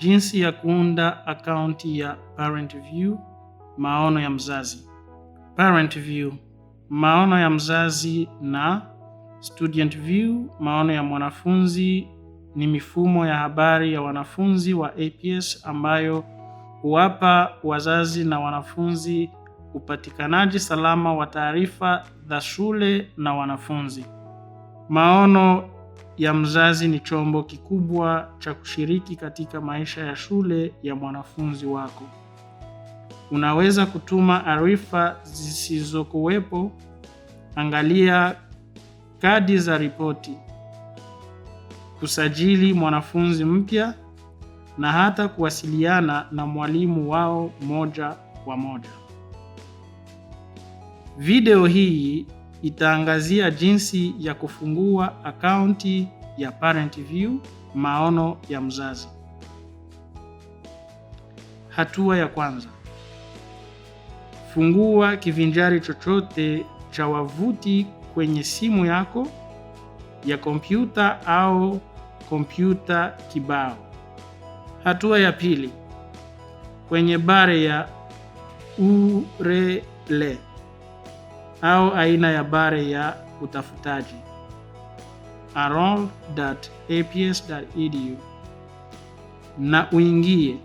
Jinsi ya kuunda akaunti ya ParentVue, maono ya mzazi. ParentVue, maono ya mzazi na StudentVue, maono ya mwanafunzi ni mifumo ya habari ya wanafunzi wa APS ambayo huwapa wazazi na wanafunzi upatikanaji salama wa taarifa za shule na wanafunzi. Maono ya mzazi ni chombo kikubwa cha kushiriki katika maisha ya shule ya mwanafunzi wako. Unaweza kutuma arifa zisizokuwepo, angalia kadi za ripoti, kusajili mwanafunzi mpya na hata kuwasiliana na mwalimu wao moja kwa moja. Video hii itaangazia jinsi ya kufungua akaunti ya Parent View maono ya mzazi. Hatua ya kwanza: fungua kivinjari chochote cha wavuti kwenye simu yako ya kompyuta au kompyuta kibao. Hatua ya pili: kwenye bare ya urele au aina ya bare ya utafutaji around.aps.edu na uingie.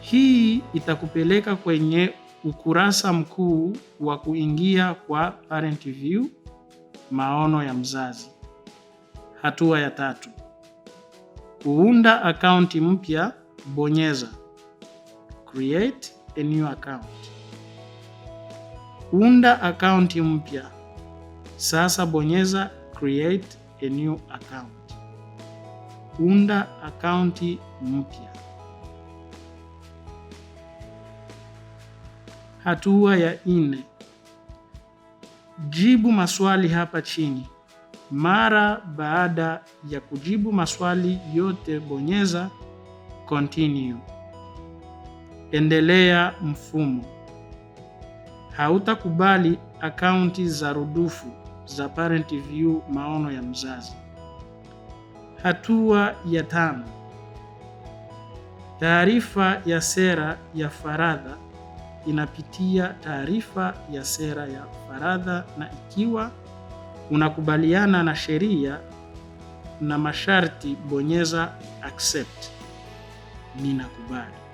Hii itakupeleka kwenye ukurasa mkuu wa kuingia kwa Parent View, maono ya mzazi. Hatua ya tatu, kuunda akaunti mpya, bonyeza create a new account unda akaunti mpya. Sasa bonyeza create a new account, unda akaunti mpya. Hatua ya nne, jibu maswali hapa chini. Mara baada ya kujibu maswali yote, bonyeza continue, endelea mfumo hautakubali akaunti za rudufu za Parent View maono ya mzazi. Hatua ya tano: taarifa ya sera ya faradha inapitia taarifa ya sera ya faradha na ikiwa unakubaliana na sheria na masharti, bonyeza accept, ninakubali.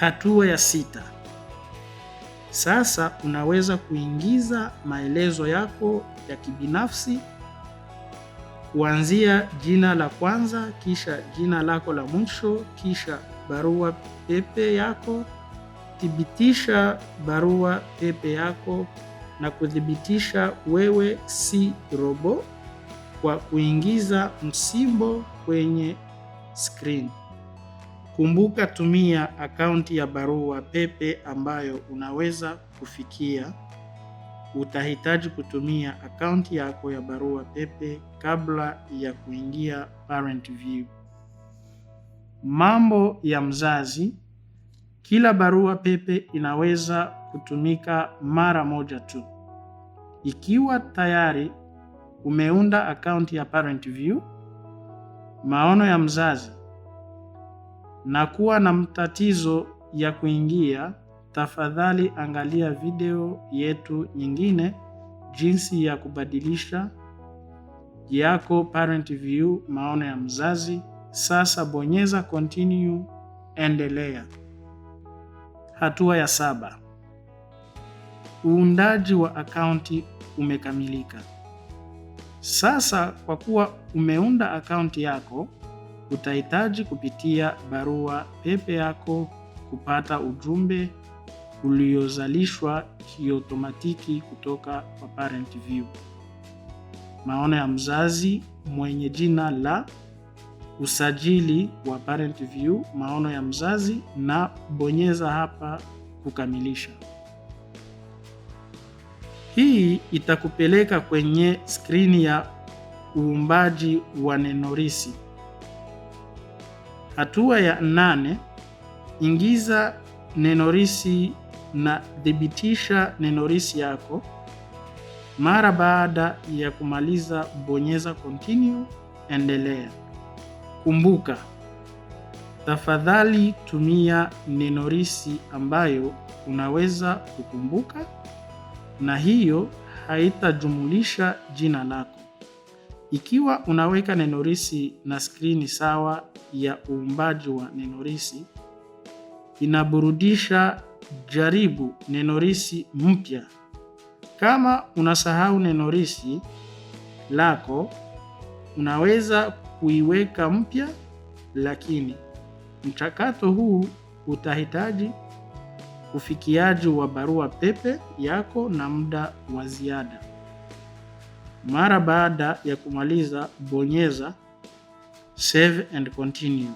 Hatua ya sita. Sasa unaweza kuingiza maelezo yako ya kibinafsi kuanzia jina la kwanza, kisha jina lako la mwisho, kisha barua pepe yako. Thibitisha barua pepe yako na kuthibitisha wewe si robo kwa kuingiza msimbo kwenye skrini. Kumbuka, tumia akaunti ya barua pepe ambayo unaweza kufikia. Utahitaji kutumia akaunti yako ya barua pepe kabla ya kuingia Parent View. Mambo ya mzazi: kila barua pepe inaweza kutumika mara moja tu. Ikiwa tayari umeunda akaunti ya Parent View, maono ya mzazi na kuwa na matatizo ya kuingia, tafadhali angalia video yetu nyingine jinsi ya kubadilisha yako parent view maono ya mzazi. Sasa bonyeza continue, endelea. Hatua ya saba. Uundaji wa akaunti umekamilika. Sasa kwa kuwa umeunda akaunti yako utahitaji kupitia barua pepe yako kupata ujumbe uliozalishwa kiotomatiki kutoka kwa view Maono ya mzazi mwenye jina la usajili wa view maono ya mzazi, na bonyeza hapa kukamilisha. Hii itakupeleka kwenye skrini ya uumbaji wa nenorisi. Hatua ya nane: ingiza nenorisi na thibitisha nenorisi yako. Mara baada ya kumaliza, bonyeza continue, endelea. Kumbuka, tafadhali tumia nenorisi ambayo unaweza kukumbuka na hiyo haitajumulisha jina lako. Ikiwa unaweka nenorisi na skrini sawa ya uumbaji wa nenorisi, inaburudisha. Jaribu nenorisi mpya. Kama unasahau nenorisi lako, unaweza kuiweka mpya, lakini mchakato huu utahitaji ufikiaji wa barua pepe yako na muda wa ziada. Mara baada ya kumaliza, bonyeza save and continue,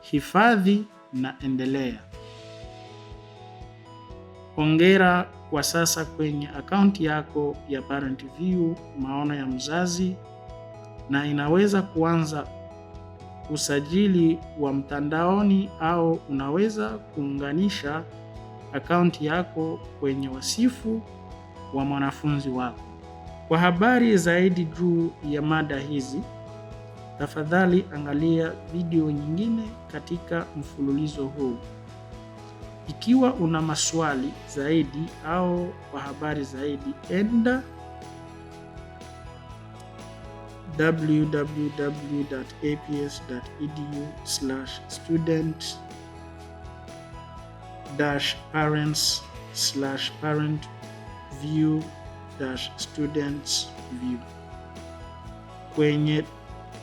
hifadhi na endelea. Hongera kwa sasa kwenye akaunti yako ya Parent View Maono ya Mzazi, na inaweza kuanza usajili wa mtandaoni au unaweza kuunganisha akaunti yako kwenye wasifu wa mwanafunzi wako. Kwa habari zaidi juu ya mada hizi, tafadhali angalia video nyingine katika mfululizo huu. Ikiwa una maswali zaidi au kwa habari zaidi, enda www.aps.edu/student-parents/parent view view. Kwenye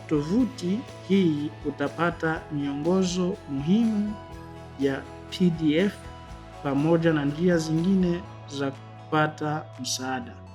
tovuti hii utapata miongozo muhimu ya PDF pamoja na njia zingine za kupata msaada.